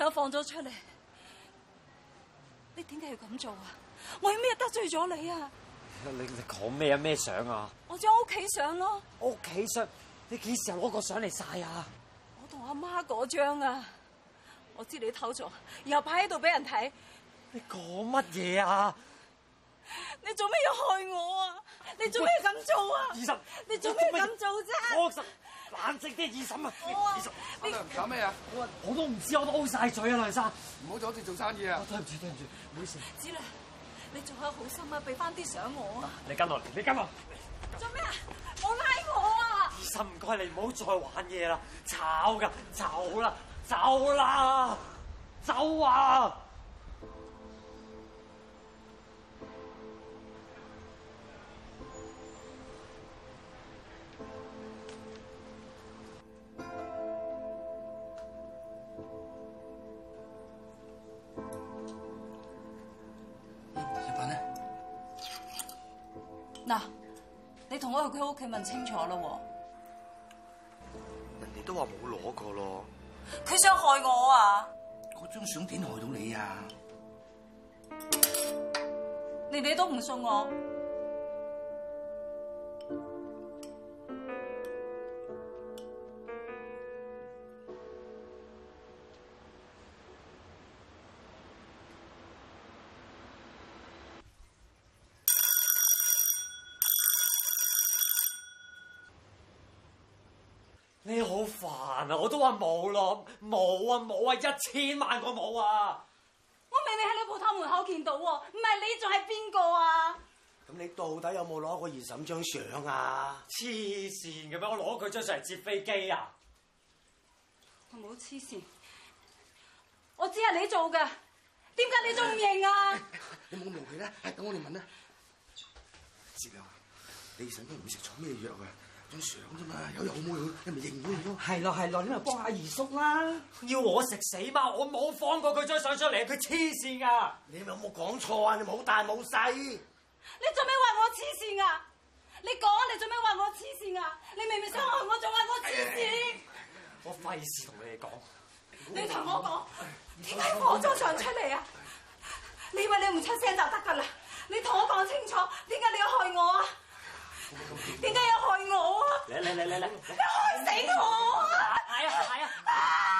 手放咗出嚟，你點解要咁做啊？我有咩得罪咗你啊？你你講咩啊？咩相啊？我張屋企相咯，屋企相，你幾時又攞個相嚟晒啊？我同阿媽嗰張啊，我知你偷咗，然後擺喺度俾人睇。你講乜嘢啊？你做咩要害我啊？你做咩咁做啊？二十，你做咩咁做啫？冷靜啲，二嬸啊！二嬸啊，你搞咩啊？我我都唔知，我都 O 晒嘴啊，梁生，唔好阻住做生意啊！對唔住，對唔住，唔好意思。子良，你仲有好心啊，俾翻啲相我啊！你跟落嚟，你跟落嚟。做咩啊？冇拉我啊！二嬸唔該你，唔好再玩嘢啦，炒㗎，走啦，走啦，走啊！走啊嗱，你同我去佢屋企問清楚咯，人哋都話冇攞過咯，佢想害我啊！嗰張相點害到你啊？你哋都唔信我？你好煩啊！我都話冇咯，冇啊，冇啊，一千萬個我冇啊！我明明喺你鋪頭門口見到，唔係你仲係邊個啊？咁你到底有冇攞過二嬸張相啊？黐線嘅咩？我攞佢張上嚟接飛機啊！我冇黐線，我知係你做嘅，點解你仲唔認啊？你冇咁無理啦，等我哋問啦。子良，你二嬸都唔會食錯咩藥嘅？張相啫嘛，有又冇你咪認唔認咯？係咯係咯，你咪幫下二叔啦！要我食死貓？我冇放過佢張相出嚟，佢黐線㗎！你咪有冇講錯啊？你冇大冇細，你做咩話我黐線啊？你講，你做咩話我黐線啊？你明明想害我，仲話我黐線？我費事同你哋講，你同我講，點解我張相出嚟啊？你以為你唔出聲就得㗎啦？你同我講清楚，點解你要害我啊？點解要害我啊！嚟嚟嚟嚟嚟！你害死我啊！係啊係啊！啊啊啊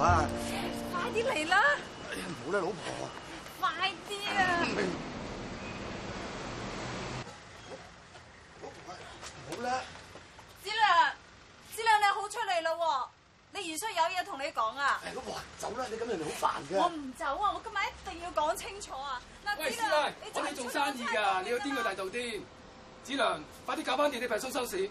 媽快啲嚟啦！哎呀，唔好啦，老婆。快啲點啊，啊！唔好啦子，子良，子良你好出嚟啦喎，你如需有嘢同你講啊。老婆，走啦，你今日你好煩噶。我唔走啊，我今日一定要講清楚啊。喂，師奶，你才 下我哋做生意噶，你要邊個大度啲？子良，快啲搞翻掂你批發收市。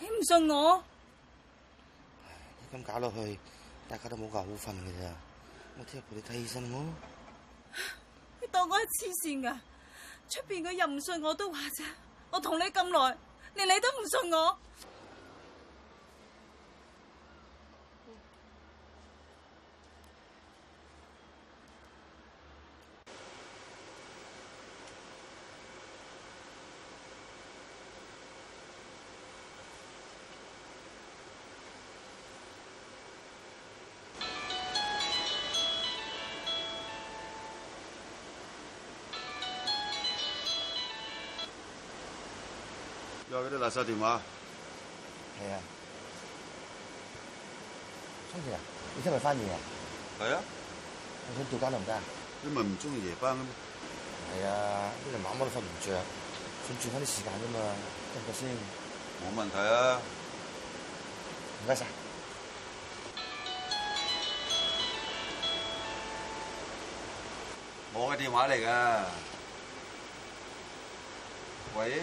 你唔信我？咁搞落去，大家都冇覺好瞓嘅咋。我聽日陪你睇醫生好？你當我係黐線噶？出邊佢又唔信我都話啫。我同你咁耐，連你都唔信我。仲有嗰啲垃圾電話。係啊。出事啊！你今日返夜啊？係啊。我想調更得唔得啊？你唔係唔中意夜班嘅咩？係啊，啲人晚晚都瞓唔著，想轉翻啲時間啫嘛。得唔得先？冇問題啊。唔該曬。我嘅電話嚟㗎。喂。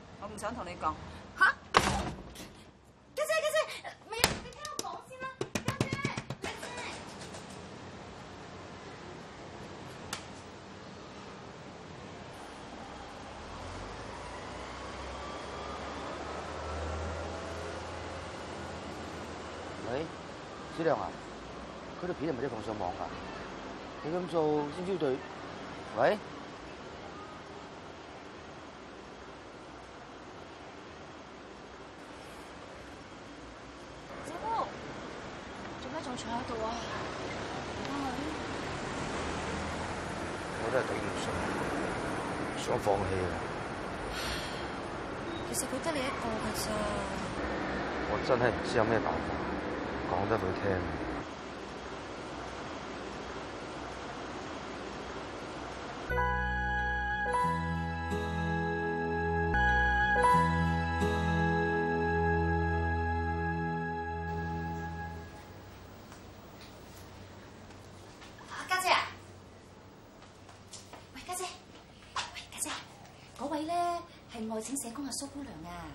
我唔想同你講，吓、啊！家姐，姐，家姐，姐，咪啊，啊！你聽我講先啦，家姐，家姐。喂，子良啊，嗰條片係咪即係放上網噶？你咁做先招罪？喂。我坐喺度啊！啊啊我都係頂唔順，想放棄啊寧寧！其實佢得你一個噶咋，我真係唔知有咩辦法講得佢聽。係外請社工阿蘇姑娘啊。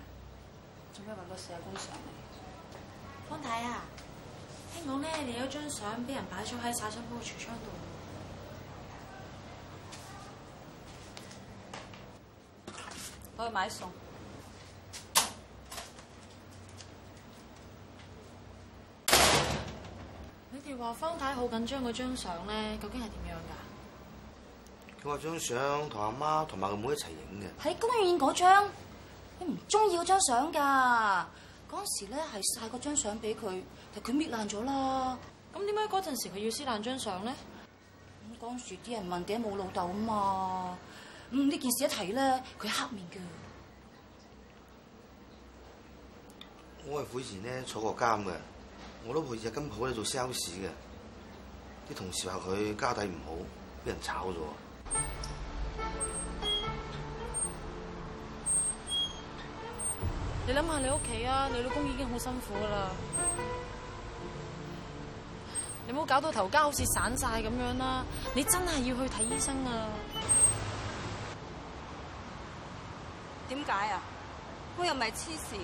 做咩搵個社工上嚟？方太啊，聽講咧，你有一張相俾人擺咗喺茶餐廳嘅櫥窗度。 我去買餸。 你哋話方太好緊張嗰張相咧，究竟係點樣噶？嗰張相同阿媽同埋佢妹一齊影嘅，喺公園影嗰張，你唔中意嗰張相㗎。嗰時咧係晒嗰張相俾佢，但佢搣爛咗啦。咁點解嗰陣時佢要撕爛張相咧？咁當時啲人問點解冇老豆啊嘛？咁呢件事一睇咧，佢黑面㗎。我阿父以前咧，坐過監嘅，我都去日金鋪咧，做 sales 嘅。啲同事話佢家底唔好，俾人炒咗。你諗下你屋企啊，你老公已經好辛苦噶啦，你唔好搞到頭家好似散晒咁樣啦。你真係要去睇醫生啊？點解啊？我又唔係痴線。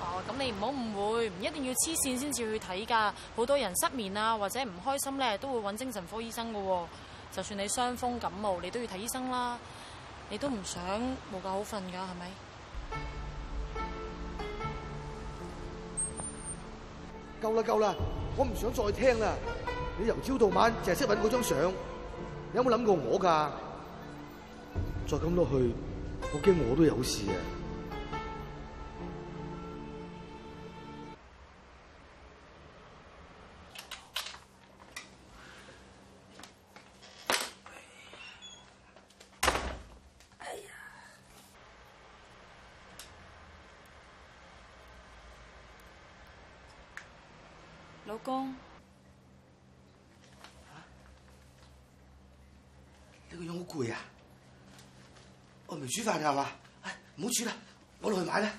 哦，咁你唔好誤會，唔一定要痴線先至去睇噶，好多人失眠啊或者唔開心咧都會揾精神科醫生噶就算你傷風感冒，你都要睇醫生啦。你都唔想冇覺好瞓噶，係咪？夠啦夠啦，我唔想再聽啦。你由朝到晚淨係識搵嗰張相，你有冇諗過我噶？再咁落去，我驚我都有事啊！老公，啊、你這個樣好攰啊！我未煮飯係嘛？唔好、哎、煮啦，我落去買啦。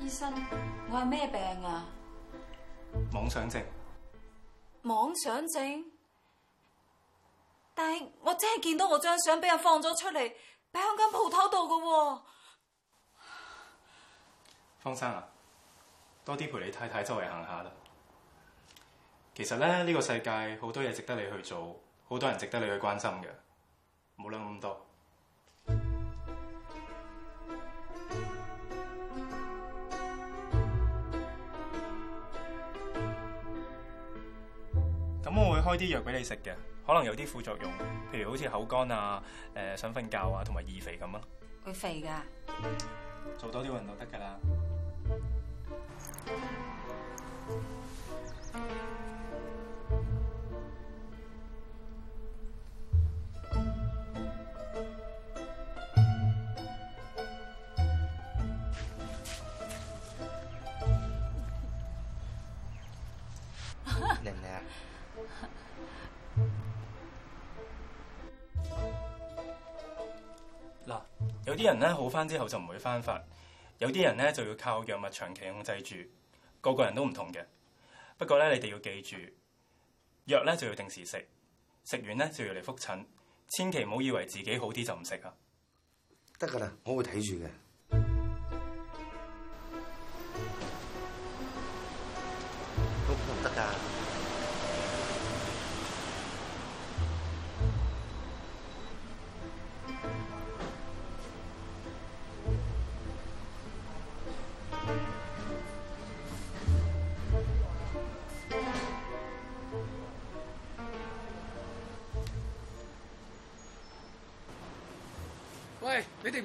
醫生，我係咩病啊？妄想症。妄想症？但係我真係見到我張相俾人放咗出嚟擺喺間鋪頭度噶喎。方生啊，生多啲陪你太太周圍行下啦。其實咧呢個世界好多嘢值得你去做，好多人值得你去關心嘅，唔好諗咁多。咁 我會開啲藥俾你食嘅。可能有啲副作用，譬如好似口乾啊、誒、呃、想瞓覺啊，同埋易肥咁咯。會肥㗎，做多啲運動得㗎啦。有啲人咧好翻之後就唔會翻發，有啲人咧就要靠藥物長期控制住，個個人都唔同嘅。不過咧，你哋要記住，藥咧就要定時食，食完咧就要嚟覆診，千祈唔好以為自己好啲就唔食啊！得㗎喇，我會睇住嘅。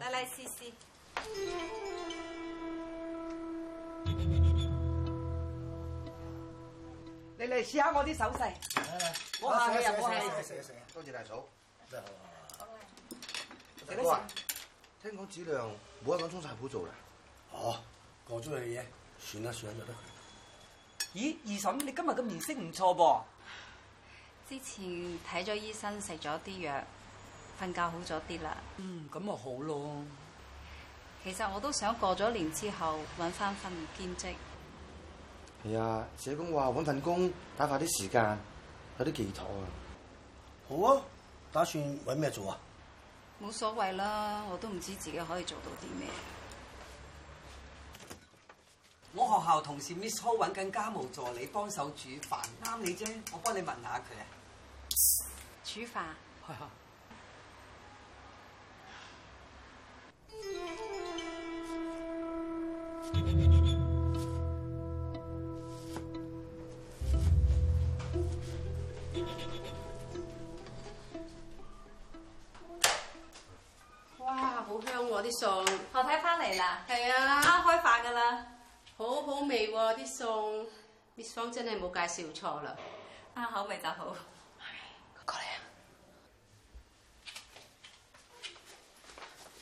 嚟嚟試試，你嚟試下我啲手勢。食啊食啊！多謝大嫂。聽講子良冇一講，中茶好做啦。哦，我中意嘅嘢，算啦算啦就得。咦，二嬸，你今日嘅面色唔錯噃。之前睇咗醫生，食咗啲藥。瞓覺好咗啲啦，嗯，咁咪好咯。其實我都想過咗年之後搵翻份兼職。係啊，社工話搵份工打發啲時間，有啲寄託啊。好啊，打算搵咩做啊？冇所謂啦，我都唔知自己可以做到啲咩。我學校同事 Miss Ho 搵緊家務助理，幫手煮飯，啱你啫，我幫你問下佢啊。煮飯飯。係啊。 好味喎啲餸，Miss 方真係冇介紹錯啦，啱口味就好。我過嚟啊！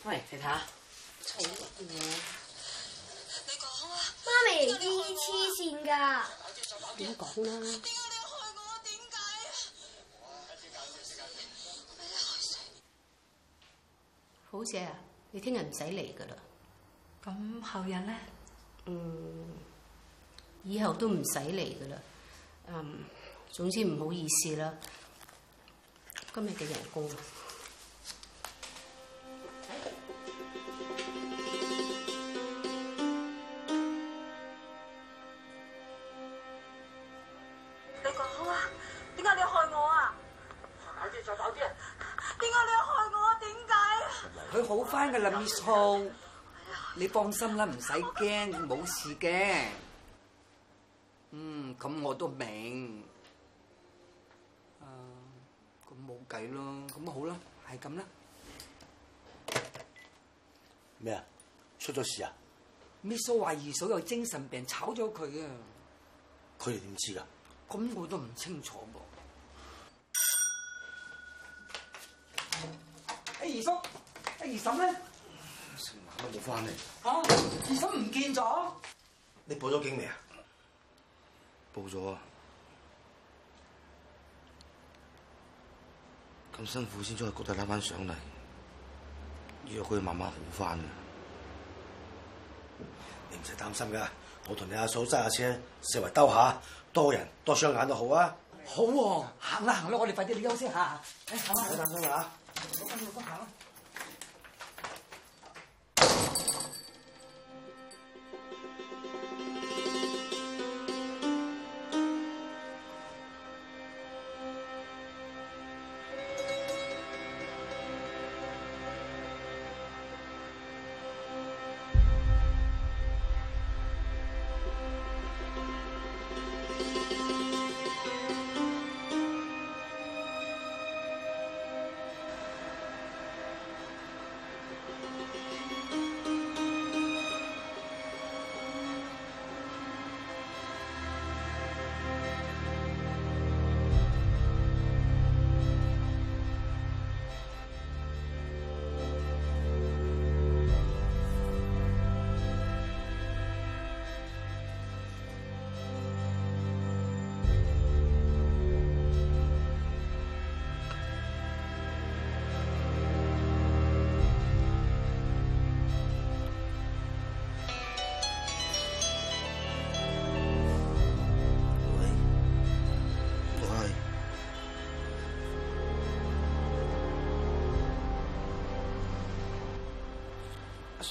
喂，肥塔。嘈嘢！你講啊！媽咪，你黐線噶。點講先啦？好姐啊，你聽日唔使嚟噶啦。咁後日咧？嗯，以後都唔使嚟噶啦。嗯，總之唔好意思啦。今日嘅人工，你講好啊？點解你要害我啊？快啲，再快啲！點解你要害我？點解？佢好翻噶啦，咪嘈！你放心啦，唔使驚，冇事嘅。嗯，咁我都明。啊，咁冇計咯，咁好啦，係咁啦。咩啊？出咗事啊？Missy 話二嫂有精神病，炒咗佢啊！佢哋點知㗎？咁我都唔清楚噃。誒、二叔，誒、二嬸咧？乜冇翻嚟？嚇，二嫂唔見咗。你報咗警未啊？報咗。咁辛苦先將佢嗰度攬翻上嚟，預約佢慢慢好翻啊。你唔使擔心噶，我同你阿嫂揸下車，四圍兜下，多人多雙眼都好啊。嗯、好喎、啊啊，行啦行啦，我哋快啲嚟休息嚇。誒、啊，好啦，唔使擔心啦、啊。我哋快啲去瞓覺啦。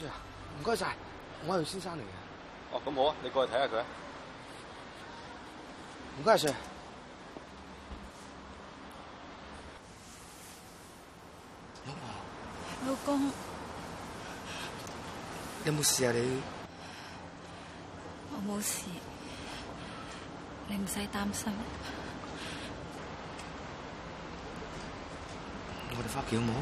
唔該晒，我係佢先生嚟嘅。哦，咁好啊，你過去睇下佢。唔該晒。老婆，老公，有冇事啊？你我冇事，你唔使擔心。 我哋返屋企好冇？好